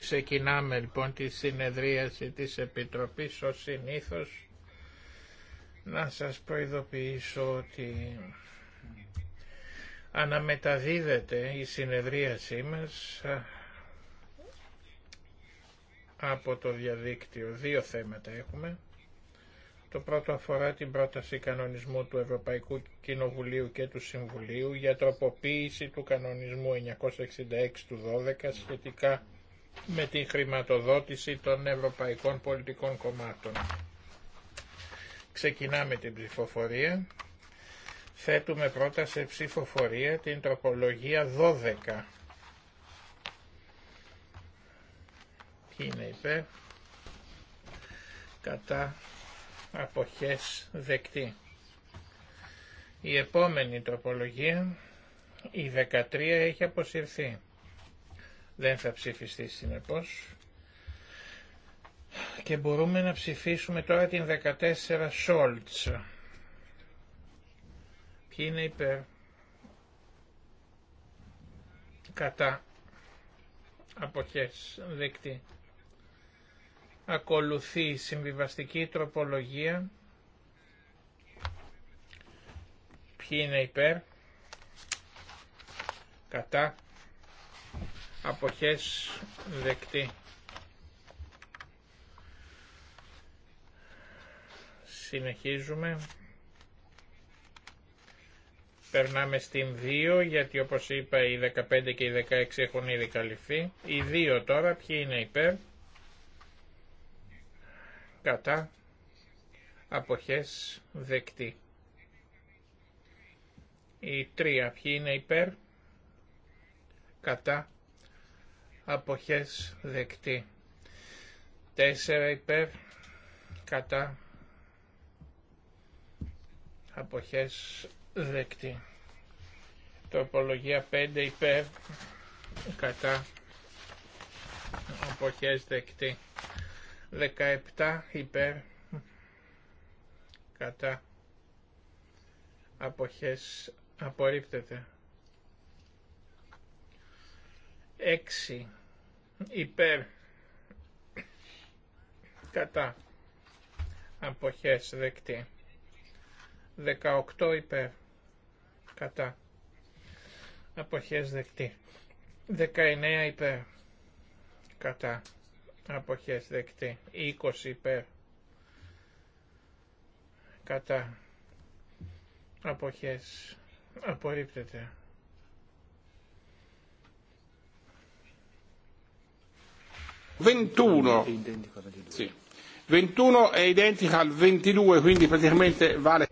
Ξεκινάμε λοιπόν τη συνεδρίαση της Επιτροπής ως συνήθως. Να σας προειδοποιήσω ότι αναμεταδίδεται η συνεδρίασή μας από το διαδίκτυο. Δύο θέματα έχουμε. Το πρώτο αφορά την πρόταση κανονισμού του Ευρωπαϊκού Κοινοβουλίου και του Συμβουλίου για τροποποίηση του κανονισμού 966 του 12 σχετικά με την χρηματοδότηση των ευρωπαϊκών πολιτικών κομμάτων. Ξεκινάμε την ψηφοφορία. Θέτουμε πρώτα σε ψηφοφορία την τροπολογία 12. Ποιοι είναι κατά αποχές δεκτή. Η επόμενη τροπολογία, η 13, έχει αποσυρθεί. Δεν θα ψηφιστεί συνεπώς. Και μπορούμε να ψηφίσουμε τώρα την 14 Σόλτς. Ποιοι είναι υπέρ. Κατά. Αποχές δεκτή. Ακολουθεί η συμβιβαστική τροπολογία. Ποιοι είναι υπέρ. Κατά. Αποχές δεκτή. Συνεχίζουμε. Περνάμε στην 2 γιατί όπως είπα οι 15 και οι 16 έχουν ήδη καλυφθεί. Οι 2 τώρα ποιοι είναι υπέρ κατά αποχές δεκτή. Η τρία. ποιοι είναι υπέρ κατά αποχές δεκτή. Τέσσερα υπέρ κατά αποχές δεκτή. Τροπολογία 5 υπέρ κατά αποχές δεκτή. 17 υπέρ κατά αποχές απορρίπτεται 6 υπέρ κατά αποχές δεκτή 18 υπέρ κατά αποχές δεκτή 19 υπέρ κατά αποχές δεκτή 20 υπέρ κατά αποχές απορρίπτεται Ventuno. Sì. 21 è identica al 22, quindi praticamente vale.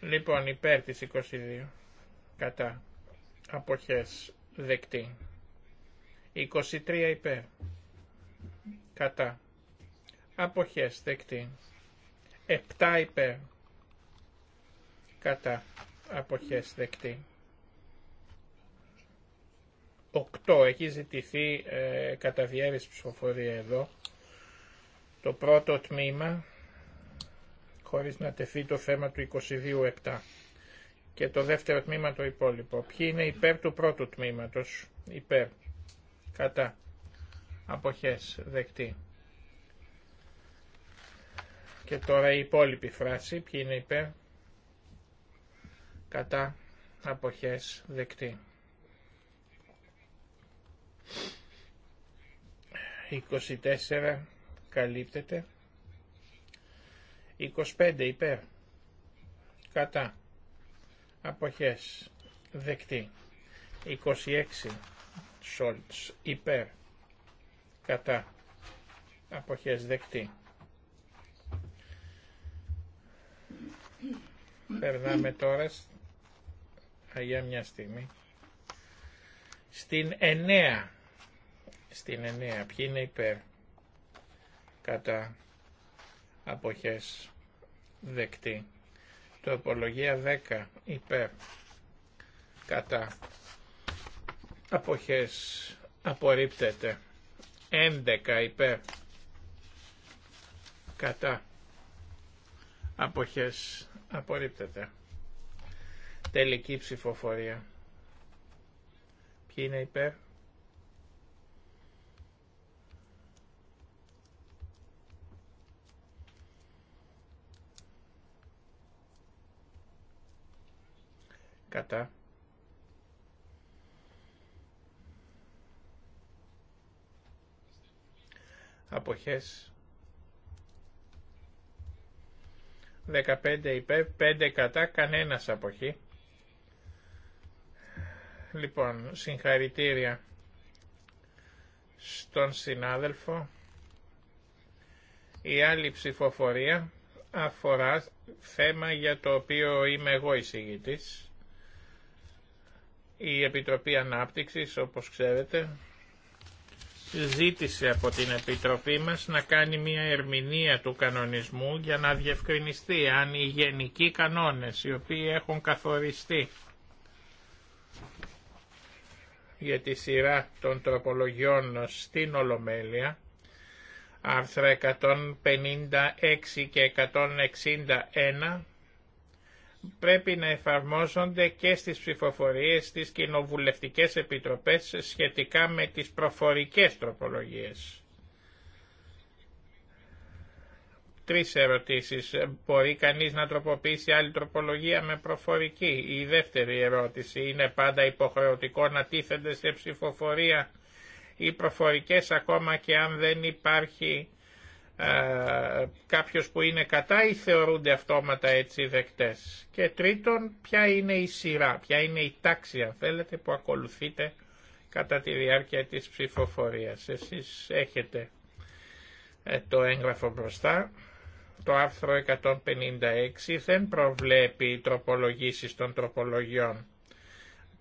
Λοιπόν, υπέρ της 22, κατά αποχές δεκτή. 23 υπέρ. Κατά. Αποχές δεκτή. 7 υπέρ. Κατά. Αποχές δεκτή. 8. Έχει ζητηθεί ε, κατά ψηφοφορία εδώ. Το πρώτο τμήμα χωρίς να τεθεί το θέμα του 22-7 και το δεύτερο τμήμα το υπόλοιπο. Ποιοι είναι υπέρ του πρώτου τμήματος, υπέρ κατά αποχές δεκτή. Και τώρα η υπόλοιπη φράση, ποιοι είναι υπέρ, κατά αποχές δεκτή. 24 καλύπτεται. 25 υπέρ. Κατά. Αποχές. Δεκτή. 26 Σόλτς υπέρ κατά αποχές δεκτή. Περνάμε τώρα για μια στιγμή στην εννέα. στην εννέα. ποιοι είναι υπέρ κατά αποχές δεκτή. Το υπολογία δέκα υπέρ κατά αποχές απορρίπτεται 11 υπέρ κατά αποχές απορρίπτεται τελική ψηφοφορία ποιοι είναι υπέρ κατά αποχές 15 υπέ, 5 κατά, κανένας αποχή. Λοιπόν, συγχαρητήρια στον συνάδελφο. Η άλλη ψηφοφορία αφορά θέμα για το οποίο είμαι εγώ εισηγητής. Η Επιτροπή Ανάπτυξης, όπως ξέρετε, ζήτησε από την Επιτροπή μας να κάνει μια ερμηνεία του κανονισμού για να διευκρινιστεί αν οι γενικοί κανόνες οι οποίοι έχουν καθοριστεί για τη σειρά των τροπολογιών στην Ολομέλεια, άρθρα 156 και 161, πρέπει να εφαρμόζονται και στις ψηφοφορίες στις κοινοβουλευτικές επιτροπές σχετικά με τις προφορικές τροπολογίες. Τρεις ερωτήσεις. Μπορεί κανείς να τροποποιήσει άλλη τροπολογία με προφορική. Η δεύτερη ερώτηση. Είναι πάντα υποχρεωτικό να τίθενται σε ψηφοφορία οι προφορικές ακόμα και αν δεν υπάρχει ε, κάποιος που είναι κατά ή θεωρούνται αυτόματα έτσι δεκτές. Και τρίτον, ποια είναι η σειρά, ποια είναι η τάξη αν θέλετε που ακολουθείτε κατά τη διάρκεια της ψηφοφορίας. Εσείς έχετε ε, το έγγραφο μπροστά. Το άρθρο 156 δεν προβλέπει τροπολογήσεις των τροπολογιών.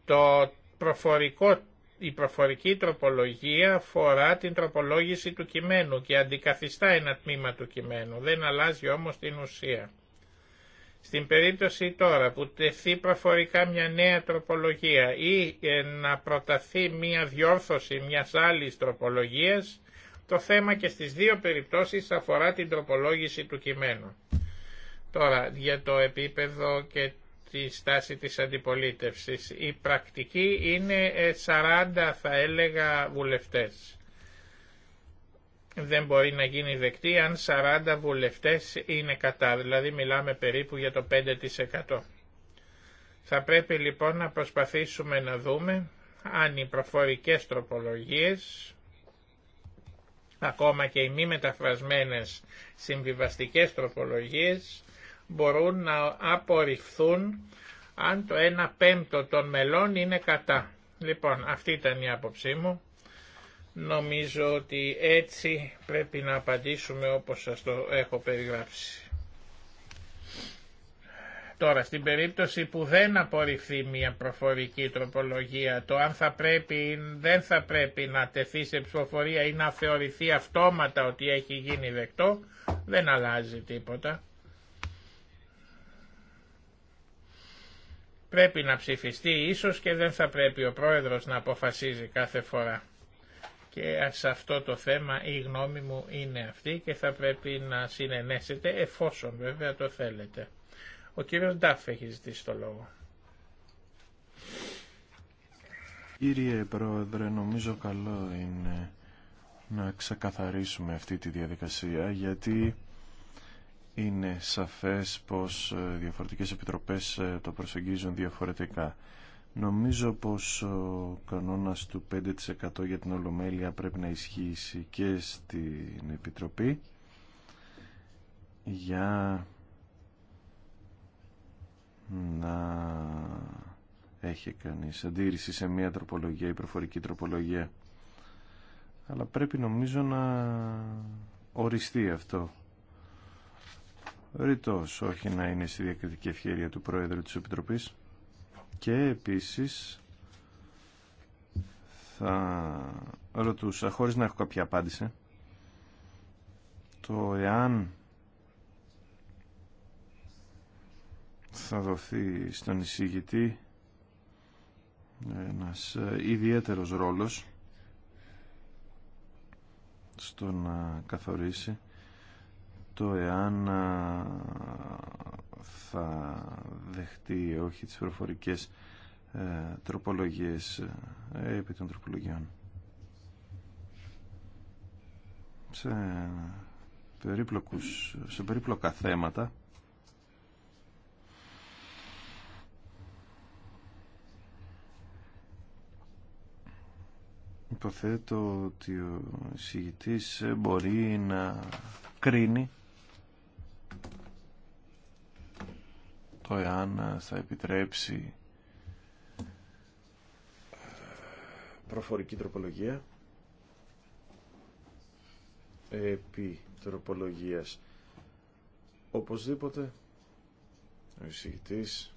Το προφορικό η προφορική τροπολογία αφορά την τροπολόγηση του κειμένου και αντικαθιστά ένα τμήμα του κειμένου, δεν αλλάζει όμως την ουσία. Στην περίπτωση τώρα που τεθεί προφορικά μια νέα τροπολογία ή ε, να προταθεί μια διόρθωση μιας άλλης τροπολογίας, το θέμα και στις δύο περιπτώσεις αφορά την τροπολόγηση του κειμένου. Τώρα, για το επίπεδο και τη στάση της αντιπολίτευσης. Η πρακτική είναι 40 ε, θα έλεγα βουλευτές. Δεν μπορεί να γίνει δεκτή αν 40 βουλευτές είναι κατά, δηλαδή μιλάμε περίπου για το 5%. Θα πρέπει λοιπόν να προσπαθήσουμε να δούμε αν οι προφορικές τροπολογίες, ακόμα και οι μη μεταφρασμένες συμβιβαστικές τροπολογίες, μπορούν να απορριφθούν αν το 1 πέμπτο των μελών είναι κατά. Λοιπόν, αυτή ήταν η άποψή μου. Νομίζω ότι έτσι πρέπει να απαντήσουμε όπως σας το έχω περιγράψει. Τώρα, στην περίπτωση που δεν απορριφθεί μια προφορική τροπολογία, το αν θα πρέπει δεν θα πρέπει να τεθεί σε ψηφοφορία ή να θεωρηθεί αυτόματα ότι έχει γίνει δεκτό, δεν αλλάζει τίποτα. πρέπει να ψηφιστεί ίσως και δεν θα πρέπει ο πρόεδρος να αποφασίζει κάθε φορά. Και σε αυτό το θέμα η γνώμη μου είναι αυτή και θα πρέπει να συνενέσετε εφόσον βέβαια το θέλετε. Ο κύριος Ντάφ έχει ζητήσει το λόγο. Κύριε Πρόεδρε, νομίζω καλό είναι να ξεκαθαρίσουμε αυτή τη διαδικασία γιατί είναι σαφές πως ε, διαφορετικές επιτροπές ε, το προσεγγίζουν διαφορετικά. Νομίζω πως ο κανόνας του 5% για την Ολομέλεια πρέπει να ισχύσει και στην Επιτροπή για να έχει κανείς αντίρρηση σε μια τροπολογία ή προφορική τροπολογία. Αλλά πρέπει νομίζω να οριστεί αυτό ρητός, όχι να είναι στη διακριτική ευχαίρεια του Πρόεδρου της Επιτροπής και επίσης θα ρωτούσα, χωρίς να έχω κάποια απάντηση, το εάν θα δοθεί στον εισηγητή ένας ιδιαίτερος ρόλος στο να καθορίσει το εάν θα δεχτεί όχι τις προφορικές ε, τροπολογίες ε, επί των τροπολογιών. Σε, περίπλοκους, σε περίπλοκα θέματα υποθέτω ότι ο συγητής μπορεί να κρίνει το εάν ε, θα επιτρέψει ε, προφορική τροπολογία επί τροπολογίας οπωσδήποτε ο εισηγητής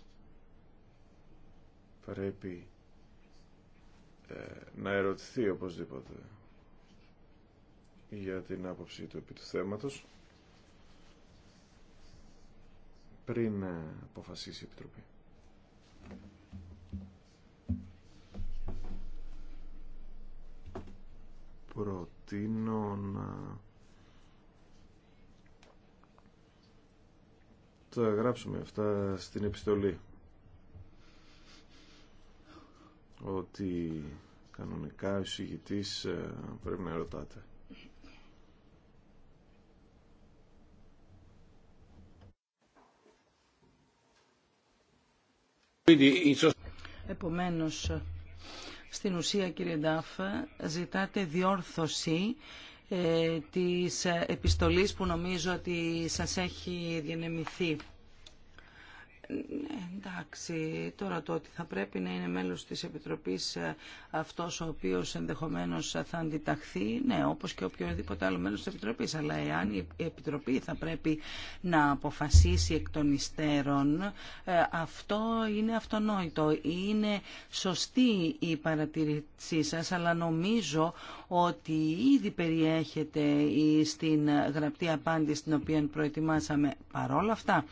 πρέπει ε, να ερωτηθεί οπωσδήποτε για την άποψή του επί του θέματος πριν ε, αποφασίσει η Επιτροπή. Προτείνω να τα γράψουμε αυτά στην επιστολή ότι κανονικά ο συγητής ε, πρέπει να ρωτάτε Επομένως, στην ουσία κύριε Ντάφ, ζητάτε διόρθωση ε, της επιστολής που νομίζω ότι σας έχει διενεμηθεί. Εντάξει, τώρα το ότι θα πρέπει να είναι μέλος της Επιτροπής ε, αυτός ο οποίος ενδεχομένως θα αντιταχθεί, ναι, όπως και οποιοδήποτε άλλο μέλος της Επιτροπής, αλλά εάν η Επιτροπή θα πρέπει να αποφασίσει εκ των υστέρων, ε, αυτό είναι αυτονόητο. Είναι σωστή η παρατηρήσή σας, αλλά νομίζω ότι ήδη περιέχεται στην γραπτή απάντηση την οποία προετοιμάσαμε παρόλα αυτά.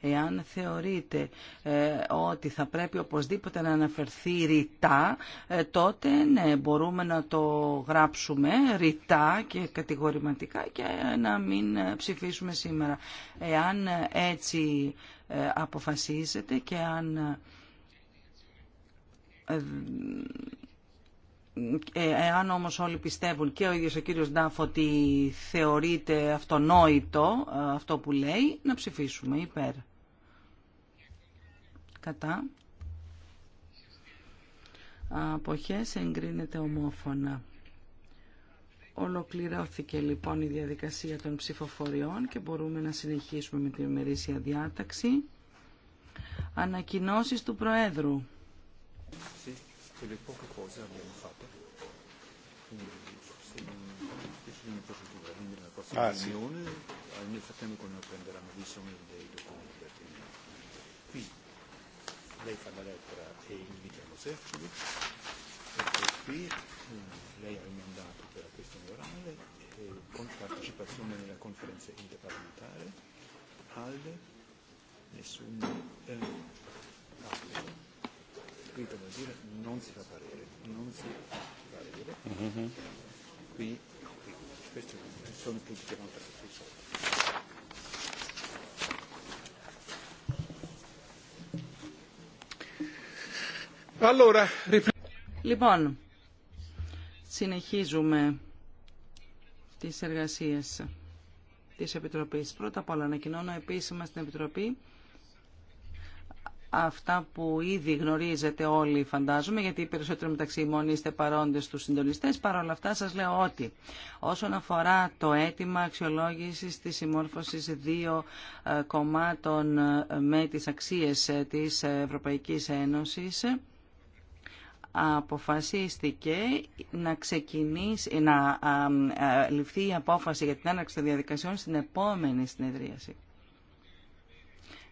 Εάν θεωρείτε ε, ότι θα πρέπει οπωσδήποτε να αναφερθεί ρητά, ε, τότε ναι, μπορούμε να το γράψουμε ρητά και κατηγορηματικά και ε, να μην ψηφίσουμε σήμερα. Εάν έτσι αποφασίζετε και αν ε, εάν όμως όλοι πιστεύουν και ο ίδιος ο κύριος Ντάφ ότι θεωρείται αυτονόητο ε, αυτό που λέει, να ψηφίσουμε υπέρ. Κατά. Αποχές εγκρίνεται ομόφωνα. Ολοκληρώθηκε λοιπόν η διαδικασία των ψηφοφοριών και μπορούμε να συνεχίσουμε με την ημερήσια διάταξη. Ανακοινώσεις του Προέδρου che le poche cose abbiamo fatto. Quindi Ah, sì. nel frattempo noi prenderanno visione dei documenti pertinenti. Qui lei fa la lettera e invitiamo Sergio, perché qui lei ha mandato per la questione orale e con partecipazione nella conferenza interparlamentare, al nessun eh, scritto vuol dire non si fa parere, non si fa parere. Mm-hmm. Qui, qui, questi sono tutti chiamati Allora, Λοιπόν, συνεχίζουμε τις εργασίες της Επιτροπής. Πρώτα απ' όλα ανακοινώνω επίσημα στην Επιτροπή αυτά που ήδη γνωρίζετε όλοι φαντάζομαι, γιατί οι περισσότεροι μεταξύ μόνοι είστε παρόντες στους συντονιστές. Παρ' όλα αυτά σας λέω ότι όσον αφορά το αίτημα αξιολόγησης της συμμόρφωσης δύο ε, κομμάτων ε, με τις αξίες ε, της Ευρωπαϊκής Ένωσης, αποφασίστηκε να ξεκινήσει, να ληφθεί η απόφαση για την άναξη των διαδικασιών στην επόμενη συνεδρίαση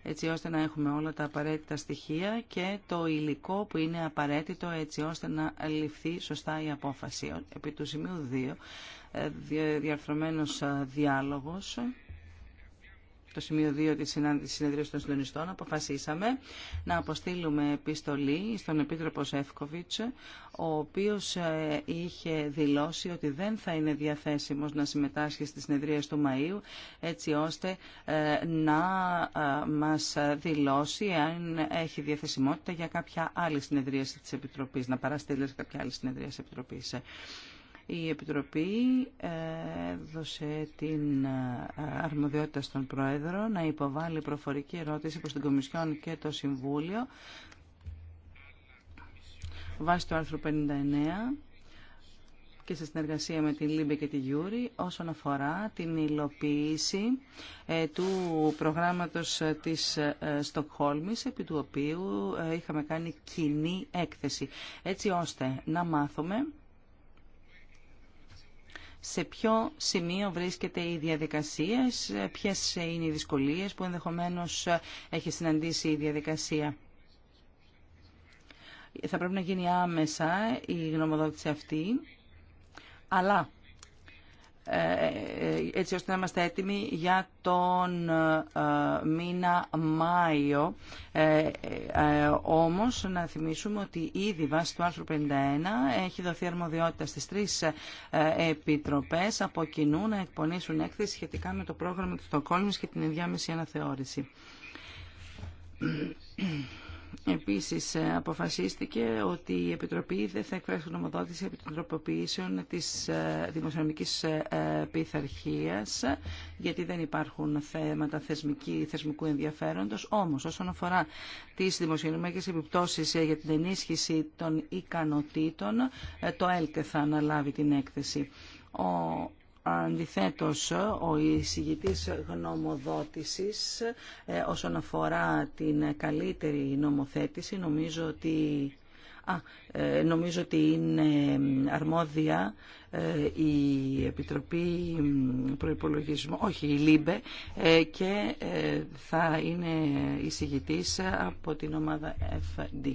έτσι ώστε να έχουμε όλα τα απαραίτητα στοιχεία και το υλικό που είναι απαραίτητο έτσι ώστε να ληφθεί σωστά η απόφαση. Επί του σημείου 2, ε, διαρθρωμένος ε, διάλογος το σημείο 2 της συνέδριας των συντονιστών, αποφασίσαμε να αποστείλουμε επιστολή στον Επίτροπο Σεύκοβιτς, ο οποίος ε, είχε δηλώσει ότι δεν θα είναι διαθέσιμος να συμμετάσχει στις συνεδρίες του Μαΐου, έτσι ώστε ε, να ε, μας δηλώσει αν έχει διαθεσιμότητα για κάποια άλλη συνεδρία της Επιτροπής, να παραστείλει σε κάποια άλλη συνεδρία της Επιτροπής. Η Επιτροπή ε, έδωσε την ε, αρμοδιότητα στον Πρόεδρο να υποβάλει προφορική ερώτηση προς την Κομισιόν και το Συμβούλιο βάσει του άρθρου 59 και σε συνεργασία με την Λίμπε και τη Γιούρη όσον αφορά την υλοποίηση ε, του προγράμματος της Στοκχόλμης επί του οποίου είχαμε κάνει κοινή έκθεση έτσι ώστε να μάθουμε σε ποιο σημείο βρίσκεται η διαδικασία, ποιες είναι οι δυσκολίες που ενδεχομένως έχει συναντήσει η διαδικασία. Θα πρέπει να γίνει άμεσα η γνωμοδότηση αυτή, αλλά ε, έτσι ώστε να είμαστε έτοιμοι για τον ε, μήνα Μάιο. Ε, όμως να θυμίσουμε ότι ήδη βάσει του άρθρου 51 έχει δοθεί αρμοδιότητα στις τρεις επιτροπές από κοινού να εκπονήσουν έκθεση σχετικά με το πρόγραμμα του Στοκόλμης και την ενδιάμεση αναθεώρηση. Επίσης ε, αποφασίστηκε ότι η Επιτροπή δεν θα εκφράσει γνωμοδότηση επί των τροποποιήσεων της ε, δημοσιονομικής ε, πειθαρχίας, γιατί δεν υπάρχουν θέματα θεσμική, θεσμικού ενδιαφέροντος. Όμως, όσον αφορά τις δημοσιονομικές επιπτώσεις για την ενίσχυση των ικανοτήτων, το ΕΛΚΕ θα αναλάβει την έκθεση. Ο Αντιθέτως, ο εισηγητής γνωμοδότησης ε, όσον αφορά την καλύτερη νομοθέτηση νομίζω ότι Α, ε, νομίζω ότι είναι αρμόδια ε, η Επιτροπή Προϋπολογισμού, όχι η ΛΥΜΠΕ, και θα είναι εισηγητής από την ομάδα FD.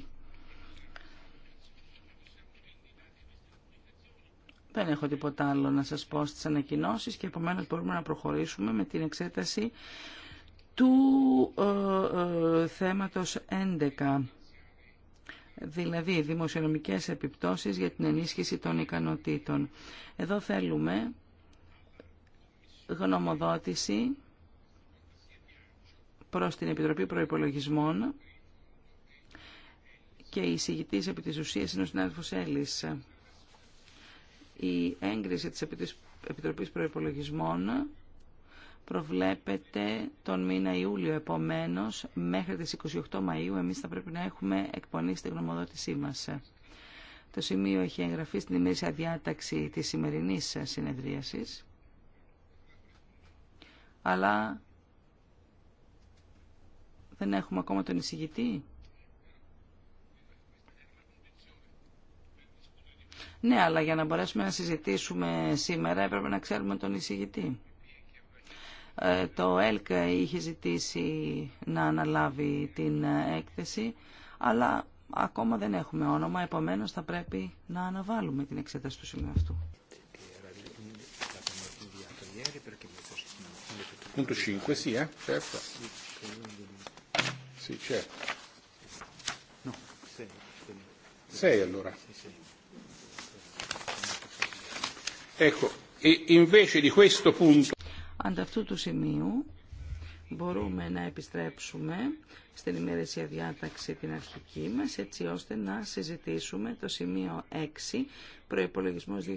Δεν έχω τίποτα άλλο να σας πω στις ανακοινώσεις και επομένως μπορούμε να προχωρήσουμε με την εξέταση του ε, ε θέματος 11 δηλαδή δημοσιονομικές επιπτώσεις για την ενίσχυση των ικανοτήτων. Εδώ θέλουμε γνωμοδότηση προς την Επιτροπή Προϋπολογισμών και η επί της ουσίας είναι ο συνάδελφος Έλλης η έγκριση της Επιτροπής Προϋπολογισμών προβλέπεται τον μήνα Ιούλιο. Επομένως, μέχρι τις 28 Μαΐου εμείς θα πρέπει να έχουμε εκπονήσει τη γνωμοδότησή μας. Το σημείο έχει εγγραφεί στην ημερήσια διάταξη της σημερινής συνεδρίασης. Αλλά δεν έχουμε ακόμα τον εισηγητή. Ναι, αλλά για να μπορέσουμε να συζητήσουμε σήμερα έπρεπε να ξέρουμε τον εισηγητή. Ε, το ΕΛΚ είχε ζητήσει να αναλάβει την έκθεση, αλλά ακόμα δεν έχουμε όνομα, επομένως θα πρέπει να αναβάλουμε την εξέταση του σημείου αυτού. allora. Sì, sì. Ecco, e του σημείου μπορούμε να επιστρέψουμε στην ημερήσια διάταξη την αρχική μας έτσι ώστε να συζητήσουμε το σημείο 6 προϋπολογισμός 2010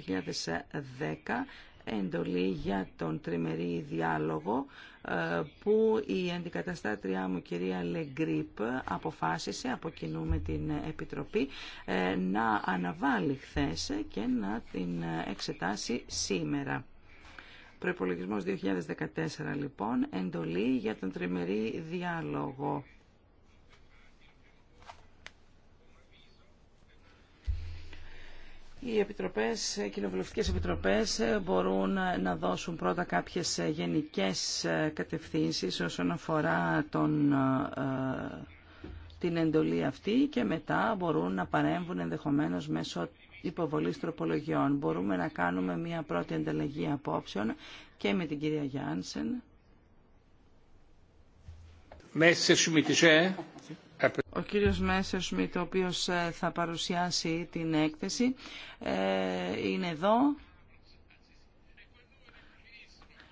εντολή για τον τριμερή διάλογο ε, που η αντικαταστάτριά μου κυρία Λεγκρίπ αποφάσισε από κοινού την Επιτροπή ε, να αναβάλει χθε και να την εξετάσει σήμερα. Προπολογισμό 2014 λοιπόν, εντολή για τον τριμερή διάλογο. Οι επιτροπές, οι κοινοβουλευτικές επιτροπές μπορούν να δώσουν πρώτα κάποιες γενικές κατευθύνσεις όσον αφορά τον, ε, την εντολή αυτή και μετά μπορούν να παρέμβουν ενδεχομένως μέσω υποβολής τροπολογιών. Μπορούμε να κάνουμε μια πρώτη ανταλλαγή απόψεων και με την κυρία Γιάνσεν. Ο κύριος Μέσσερ Σμιτ, ο οποίος ε, θα παρουσιάσει την έκθεση, ε, είναι εδώ.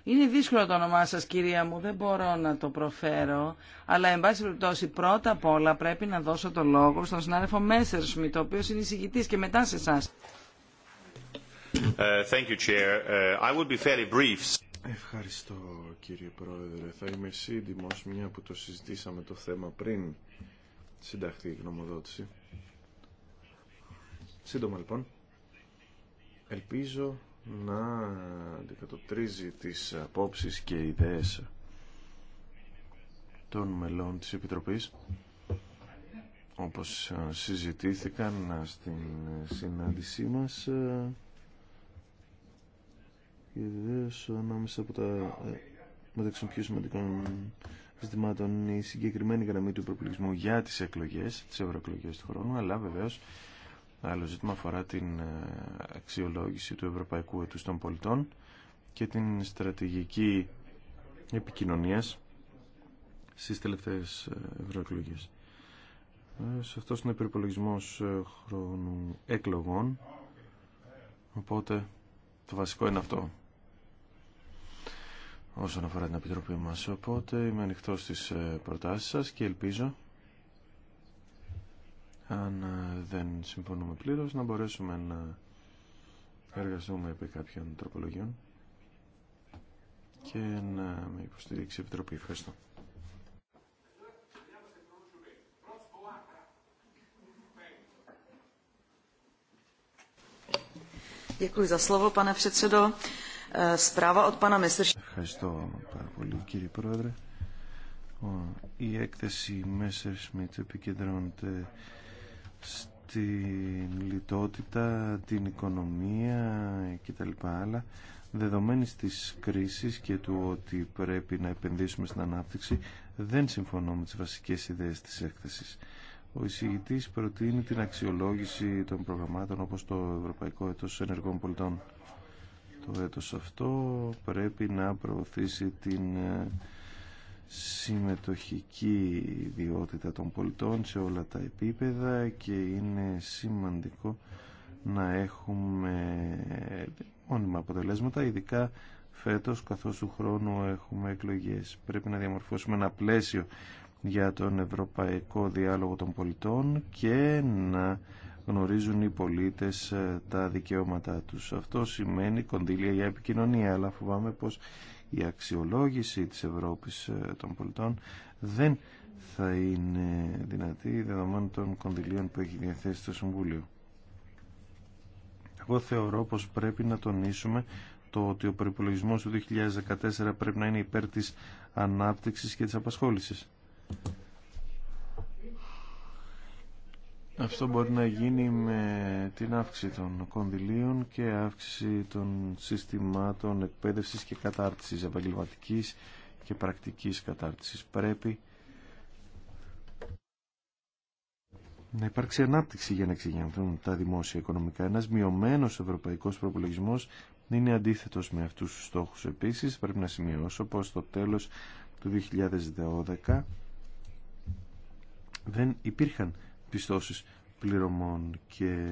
Είναι δύσκολο το όνομά σας, κυρία μου, δεν μπορώ να το προφέρω, αλλά εν πάση περιπτώσει πρώτα απ' όλα πρέπει να δώσω το λόγο στον συνάδελφο Μέσερ Σμιτ, ο οποίος είναι εισηγητής και μετά σε εσάς. Ευχαριστώ κύριε Πρόεδρε. Θα είμαι σύντιμος μια που το συζητήσαμε το θέμα πριν συνταχθεί η γνωμοδότηση. Σύντομα λοιπόν, ελπίζω να αντικατοπτρίζει τις απόψεις και ιδέες των μελών της Επιτροπής όπως συζητήθηκαν στην συνάντησή μας και ανάμεσα από τα μεταξύ ζητημάτων η συγκεκριμένη γραμμή του προπληγισμού για τις εκλογές, τις ευρωεκλογές του χρόνου, αλλά βεβαίως άλλο ζήτημα αφορά την ε, αξιολόγηση του Ευρωπαϊκού Έτους των Πολιτών και την στρατηγική επικοινωνίας στις τελευταίες ε, ευρωεκλογές. Ε, σε αυτό είναι υπερυπολογισμό χρόνου εκλογών, οπότε το βασικό είναι αυτό όσον αφορά την Επιτροπή μας. Οπότε είμαι ανοιχτό στις ε, προτάσεις σας και ελπίζω αν ε, δεν συμφωνούμε πλήρως να μπορέσουμε να εργαστούμε επί κάποιων τροπολογιών και να με υποστηρίξει η Επιτροπή. Ευχαριστώ. Děkuji za slovo, pane předsedo. Eh, zpráva od Ευχαριστώ πάρα πολύ κύριε Πρόεδρε. Η έκθεση Messerschmitt επικεντρώνεται στην λιτότητα, την οικονομία κτλ. Αλλά δεδομένης της κρίσης και του ότι πρέπει να επενδύσουμε στην ανάπτυξη δεν συμφωνώ με τις βασικές ιδέες της έκθεσης. Ο εισηγητής προτείνει την αξιολόγηση των προγραμμάτων όπως το Ευρωπαϊκό Έτος Ενεργών Πολιτών το έτος αυτό πρέπει να προωθήσει την ε, συμμετοχική ιδιότητα των πολιτών σε όλα τα επίπεδα και είναι σημαντικό να έχουμε ε, μόνιμα αποτελέσματα, ειδικά φέτος καθώς του χρόνου έχουμε εκλογές. Πρέπει να διαμορφώσουμε ένα πλαίσιο για τον Ευρωπαϊκό Διάλογο των Πολιτών και να γνωρίζουν οι πολίτες ε, τα δικαιώματά τους. Αυτό σημαίνει κονδύλια για επικοινωνία, αλλά φοβάμαι πως η αξιολόγηση της Ευρώπης ε, των πολιτών δεν θα είναι δυνατή δεδομένων των κονδυλίων που έχει διαθέσει το Συμβούλιο. Εγώ θεωρώ πως πρέπει να τονίσουμε το ότι ο προπολογισμό του 2014 πρέπει να είναι υπέρ της ανάπτυξης και της απασχόλησης. Αυτό μπορεί να γίνει με την αύξηση των κονδυλίων και αύξηση των συστημάτων εκπαίδευσης και κατάρτισης επαγγελματική και πρακτικής κατάρτισης. Πρέπει να υπάρξει ανάπτυξη για να εξηγηθούν τα δημόσια οικονομικά. Ένας μειωμένος ευρωπαϊκός προπολογισμός είναι αντίθετος με αυτούς τους στόχους. Επίσης πρέπει να σημειώσω πως στο τέλος του 2012 δεν υπήρχαν πιστώσεις πληρωμών και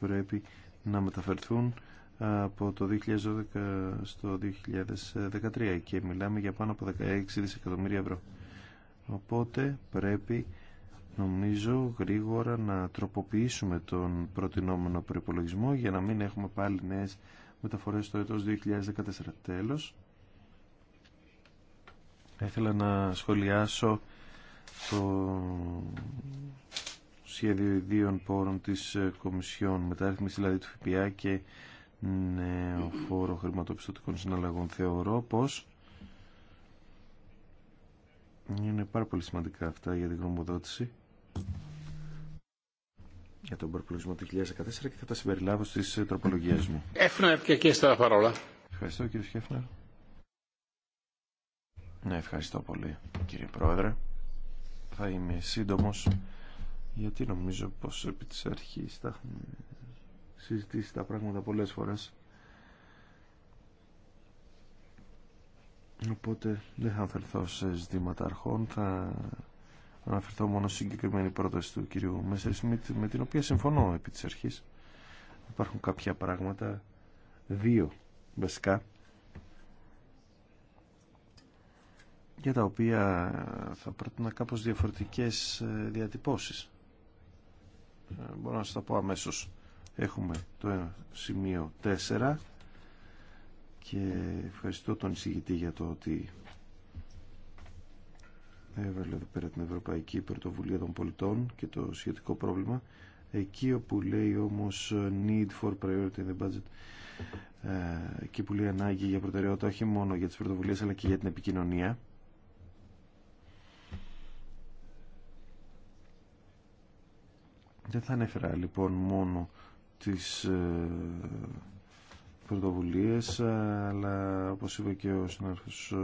πρέπει να μεταφερθούν από το 2012 στο 2013 και μιλάμε για πάνω από 16 δισεκατομμύρια ευρώ. Οπότε πρέπει νομίζω γρήγορα να τροποποιήσουμε τον προτινόμενο προπολογισμό για να μην έχουμε πάλι νέες μεταφορές στο έτος 2014. Τέλος, ήθελα να σχολιάσω το σχέδιο ιδίων πόρων της ε, Κομισιόν, μεταρρύθμιση δηλαδή του ΦΠΑ και νέο φόρο χρηματοπιστωτικών συναλλαγών. Θεωρώ πως είναι πάρα πολύ σημαντικά αυτά για την γνωμοδότηση για τον προπολογισμό του 2014 και θα τα συμπεριλάβω στις ε, τροπολογίες μου. Έφνα και στα παρόλα. Ευχαριστώ κύριε Σκέφνερ. Ναι, ευχαριστώ πολύ κύριε Πρόεδρε. Θα είμαι σύντομος γιατί νομίζω πως επί της αρχής θα έχουμε συζητήσει τα πράγματα πολλές φορές οπότε δεν θα αναφερθώ σε ζητήματα αρχών θα αναφερθώ μόνο συγκεκριμένη πρόταση του κυρίου Μέσσερ με την οποία συμφωνώ επί της αρχής υπάρχουν κάποια πράγματα δύο βασικά για τα οποία θα να κάπως διαφορετικές ε, διατυπώσεις ε, μπορώ να σας τα πω αμέσως. Έχουμε το σημείο 4 και ευχαριστώ τον εισηγητή για το ότι έβαλε εδώ πέρα την Ευρωπαϊκή Πρωτοβουλία των Πολιτών και το σχετικό πρόβλημα. Εκεί όπου λέει όμως ε, need for priority in the budget ε, εκεί που λέει ανάγκη για προτεραιότητα όχι μόνο για τις πρωτοβουλίες αλλά και για την επικοινωνία Δεν θα ανέφερα λοιπόν μόνο τις ε, πρωτοβουλίες αλλά όπως είπε και ο συνάρχος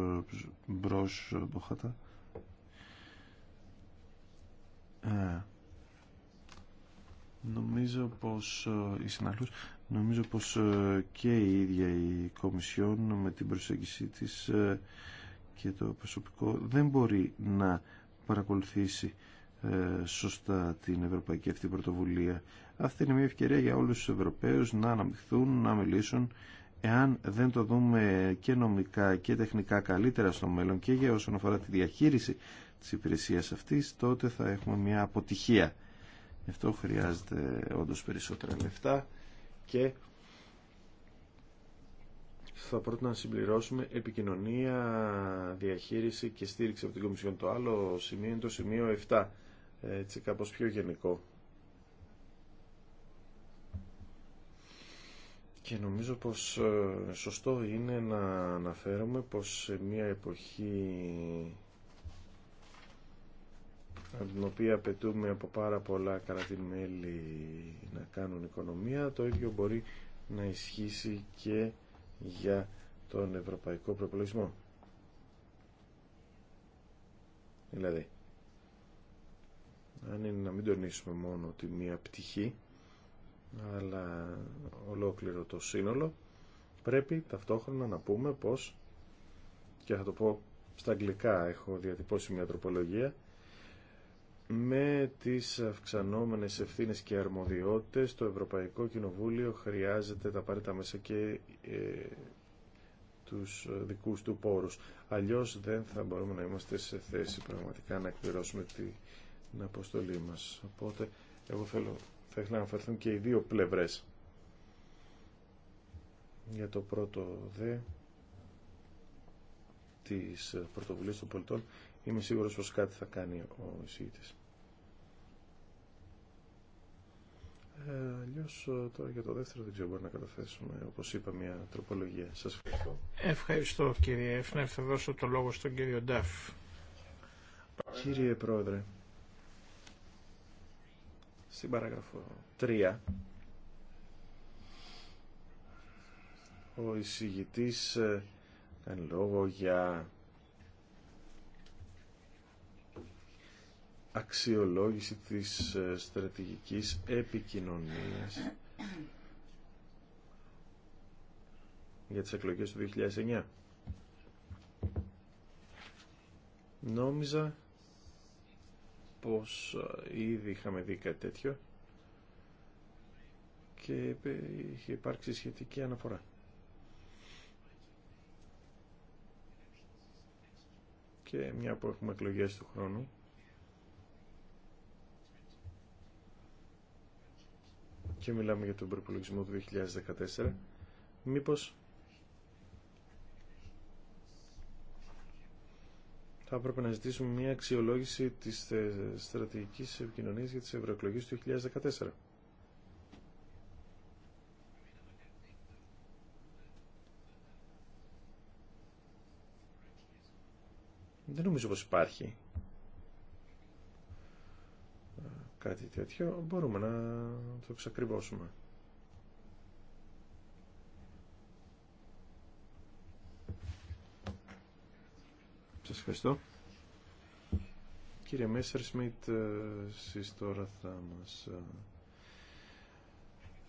Μπρος Μποχάτα ε, νομίζω πως οι ε, συνάρχος νομίζω πως και η ίδια η Κομισιόν με την προσέγγιση της και το προσωπικό δεν μπορεί να παρακολουθήσει ε, σωστά την Ευρωπαϊκή αυτή πρωτοβουλία. Αυτή είναι μια ευκαιρία για όλους τους Ευρωπαίους να αναμειχθούν, να μιλήσουν. Εάν δεν το δούμε και νομικά και τεχνικά καλύτερα στο μέλλον και για όσον αφορά τη διαχείριση της υπηρεσίας αυτής, τότε θα έχουμε μια αποτυχία. Γι' αυτό χρειάζεται όντως περισσότερα λεφτά και θα πρότεινα να συμπληρώσουμε επικοινωνία, διαχείριση και στήριξη από την Κομισιόν. Το άλλο σημείο είναι το σημείο 7 έτσι κάπως πιο γενικό. Και νομίζω πως ε, σωστό είναι να αναφέρομαι πως σε μια εποχή από την οποία απαιτούμε από πάρα πολλά να κάνουν οικονομία, το ίδιο μπορεί να ισχύσει και για τον ευρωπαϊκό προπολογισμό. Δηλαδή, αν είναι να μην τονίσουμε μόνο τη μία πτυχή αλλά ολόκληρο το σύνολο πρέπει ταυτόχρονα να πούμε πως και θα το πω στα αγγλικά έχω διατυπώσει μια τροπολογία με τις αυξανόμενες ευθύνες και αρμοδιότητες το Ευρωπαϊκό Κοινοβούλιο χρειάζεται τα τα μέσα και ε, τους δικούς του πόρους αλλιώς δεν θα μπορούμε να είμαστε σε θέση πραγματικά να εκπληρώσουμε τη την αποστολή μας. Οπότε εγώ θέλω, θα ήθελα να αναφερθούν και οι δύο πλευρές. Για το πρώτο δε της πρωτοβουλίας των πολιτών είμαι σίγουρος πως κάτι θα κάνει ο εισηγητής. Ε, Αλλιώ ε, τώρα για το δεύτερο δεν ξέρω μπορεί να καταθέσουμε όπως είπα μια τροπολογία. Σας ευχαριστώ. Ευχαριστώ κύριε Εφνερ. Θα δώσω το λόγο στον κύριο Νταφ. Κύριε Πρόεδρε, στην παράγραφο 3 ο εισηγητής ε, κάνει λόγο για αξιολόγηση της ε, στρατηγικής επικοινωνίας για τις εκλογές του 2009. Νόμιζα πως ε, ήδη είχαμε δει κάτι τέτοιο και είχε υπάρξει σχετική αναφορά. Και μια που έχουμε εκλογέ του χρόνου, και μιλάμε για τον προπολογισμό του 2014, μήπως θα έπρεπε να ζητήσουμε μια αξιολόγηση της ε, στρατηγική επικοινωνία για τις ευρωεκλογέ του 2014. Δεν νομίζω πως υπάρχει ε, κάτι τέτοιο. Μπορούμε να το εξακριβώσουμε. Ευχαριστώ. Κύριε Μέσσερ Σμιτ, εσείς τώρα θα μας ε,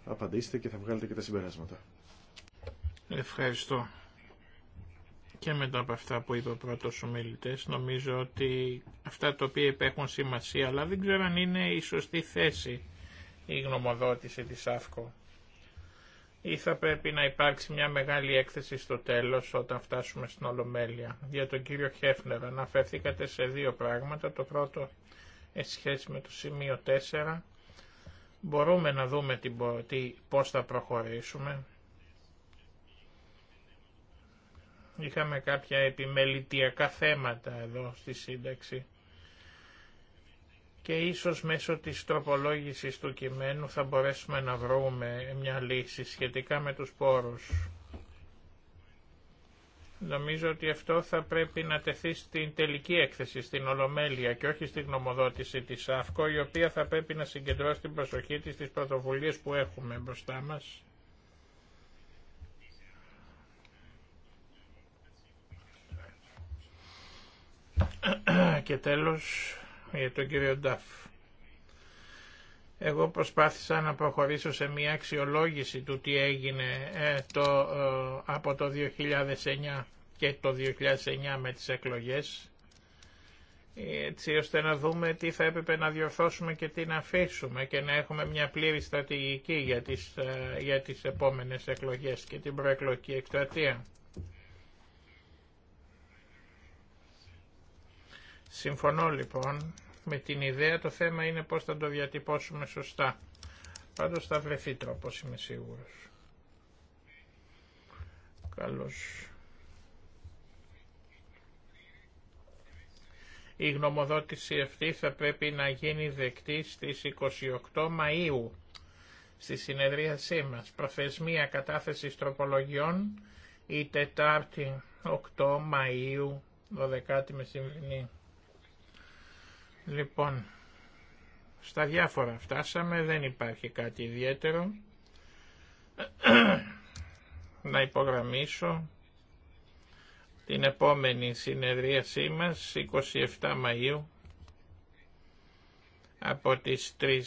απαντήσετε και θα βγάλετε και τα συμπεράσματα. Ευχαριστώ. Και μετά από αυτά που είπε ο πρώτος ομιλητέ, νομίζω ότι αυτά τα οποία υπέχουν σημασία, αλλά δεν ξέρω αν είναι η σωστή θέση η γνωμοδότηση της ΑΦΚΟ ή θα πρέπει να υπάρξει μια μεγάλη έκθεση στο τέλος όταν φτάσουμε στην Ολομέλεια. Για τον κύριο Χέφνερ αναφερθήκατε σε δύο πράγματα. Το πρώτο, σε σχέση με το σημείο 4, μπορούμε να δούμε τι πώς θα προχωρήσουμε. Είχαμε κάποια επιμελητιακά θέματα εδώ στη σύνταξη και ίσως μέσω της τροπολόγησης του κειμένου θα μπορέσουμε να βρούμε μια λύση σχετικά με τους πόρους. Νομίζω ότι αυτό θα πρέπει να τεθεί στην τελική έκθεση, στην Ολομέλεια και όχι στην γνωμοδότηση της ΑΦΚΟ, η οποία θα πρέπει να συγκεντρώσει την προσοχή της στις πρωτοβουλίες που έχουμε μπροστά μας. Και τέλος, για ε, τον κύριο Νταφ. Εγώ προσπάθησα να προχωρήσω σε μια αξιολόγηση του τι έγινε ε, το, ε, από το 2009 και το 2009 με τις εκλογές έτσι ώστε να δούμε τι θα έπρεπε να διορθώσουμε και τι να αφήσουμε και να έχουμε μια πλήρη στρατηγική για τις, για τις επόμενες εκλογές και την προεκλογική εκστρατεία. Συμφωνώ λοιπόν με την ιδέα, το θέμα είναι πώς θα το διατυπώσουμε σωστά. Πάντως θα βρεθεί τρόπος, είμαι σίγουρος. Καλώς. Η γνωμοδότηση αυτή θα πρέπει να γίνει δεκτή στις 28 Μαΐου στη συνεδρίασή μας. Προθεσμία κατάθεση τροπολογιών η Τετάρτη 8 Μαΐου 12η μεσημβρινή. Λοιπόν, στα διάφορα φτάσαμε, δεν υπάρχει κάτι ιδιαίτερο. Να υπογραμμίσω την επόμενη συνεδρίασή μας, 27 Μαΐου, από τις 3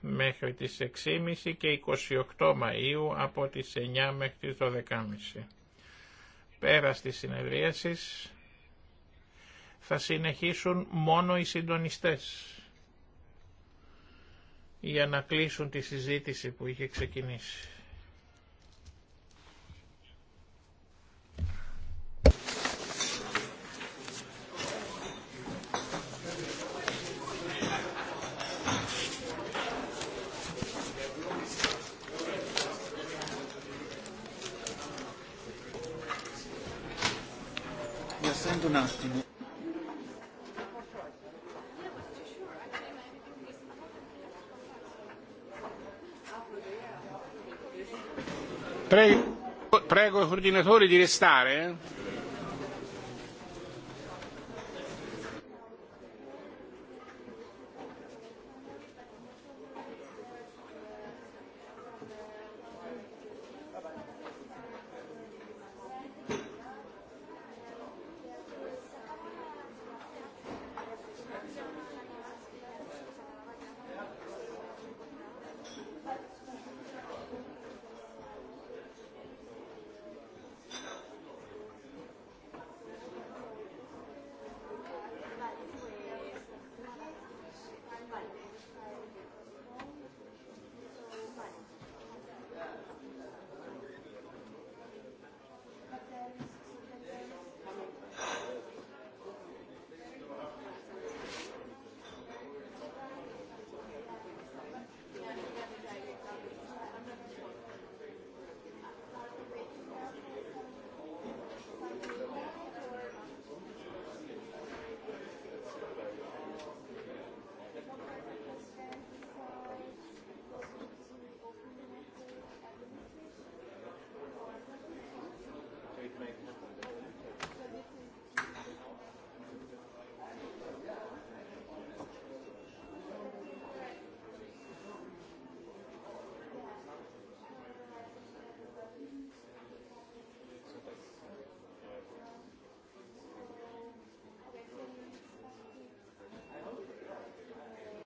μέχρι τις 6.30 και 28 Μαΐου από τις 9 μέχρι τις 12.30. Πέρα της συνεδρίασης, θα συνεχίσουν μόνο οι συντονιστές για να κλείσουν τη συζήτηση που είχε ξεκινήσει. Prego, coordinatore, di restare.